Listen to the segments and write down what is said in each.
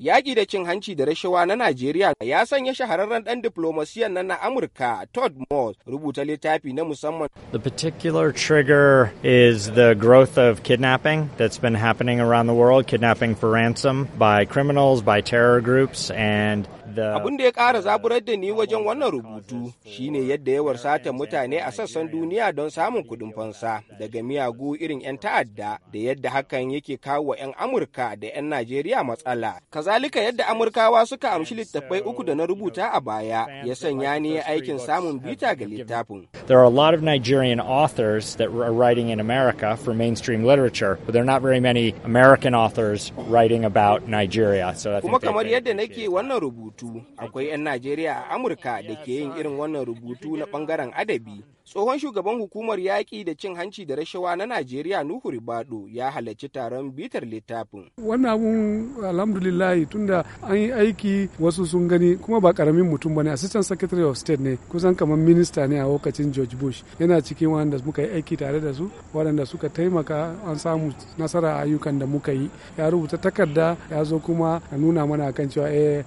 Yaƙi da cin hanci da rashawa na Najeriya ya sanya shahararren ɗan diflomasiyan nan na Amurka Todd Moss rubuta littafi na musamman. The particular trigger is the growth of kidnapping that's been happening around the world, kidnapping for ransom by criminals, by terror groups, and Abin da ya ƙara zaburar da ni wajen wannan rubutu shine yadda yawar satan mutane a sassan duniya don samun kuɗin fansa daga miyagu irin 'yan ta'adda da yadda hakan yake kawo wa 'yan Amurka da 'yan Najeriya matsala. Kazalika yadda Amurkawa suka amshi littattafai uku da na rubuta a baya ya sanya ni aikin samun bita ga littafin. There are a lot of Nigerian authors that are writing in America for mainstream literature, but there are not very many American authors writing about Nigeria. So Kuma kamar yadda nake wannan rubutu rubutu akwai 'yan najeriya a amurka da ke yin irin wannan rubutu na bangaren adabi tsohon shugaban hukumar yaƙi da cin hanci da rashawa na najeriya nuhu ribado ya halarci taron bitar littafin wannan abun alhamdulillahi tunda an yi aiki wasu sun gani kuma ba karamin mutum bane assistant secretary of state ne kusan kamar minista ne a lokacin george bush yana cikin wanda muka yi aiki tare da su waɗanda suka taimaka an samu nasara ayyukan da muka yi ya rubuta takarda ya zo kuma a nuna mana kan cewa eh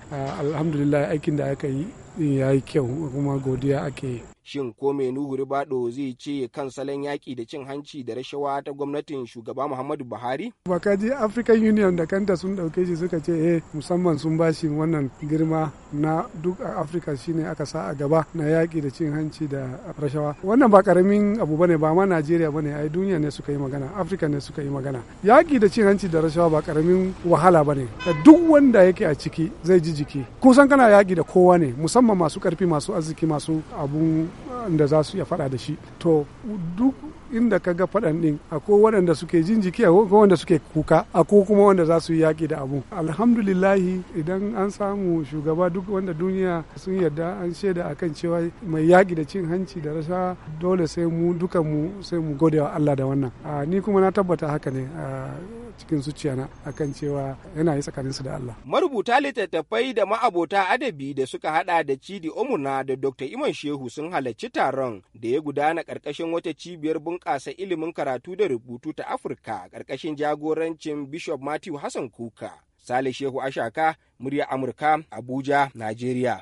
alhamdulillah aikin da aka yi ya yi kyau kuma godiya ake yi shin ko mai nuhu ribado zai ce kan salon yaƙi da cin hanci da rashawa ta gwamnatin shugaba muhammadu buhari baka ji african union da kanta sun ɗauke shi suka ce eh musamman sun bashi wannan girma na duk a afirka shine aka sa a gaba na yaƙi da cin hanci da rashawa wannan ba karamin abu bane ba ma najeriya bane ai duniya ne suka yi magana afirka ne suka yi magana yaƙi da cin hanci da rashawa ba karamin wahala bane duk wanda yake a ciki zai ji jiki kusan kana yaƙi da kowa ne musamman masu ƙarfi masu arziki masu abun da za su iya faɗa da shi to duk inda ka ga faɗan ɗin akwai waɗanda suke jin jiki akwai wanda suke kuka akwai kuma wanda za su yi yaƙi da abu lillahi idan an samu shugaba duk wanda duniya sun yarda an shaida a kan cewa mai yaƙi da cin hanci da rasha dole sai mu duka mu, sai mu gode wa Allah da wannan ah, ni kuma na tabbata haka ne ah, cikin na akan cewa yana yi tsakaninsu da Allah. Marubuta littattafai da ma'abota adabi da suka hada da Cidi Omuna da Dr. Iman Shehu sun halarci taron da ya gudana ƙarƙashin wata cibiyar bunƙasa ilimin karatu da rubutu ta Afirka ƙarƙashin jagorancin Bishop Matthew Hassan Kuka. Sale Shehu Ashaka, murya Amurka, Abuja, Najeriya.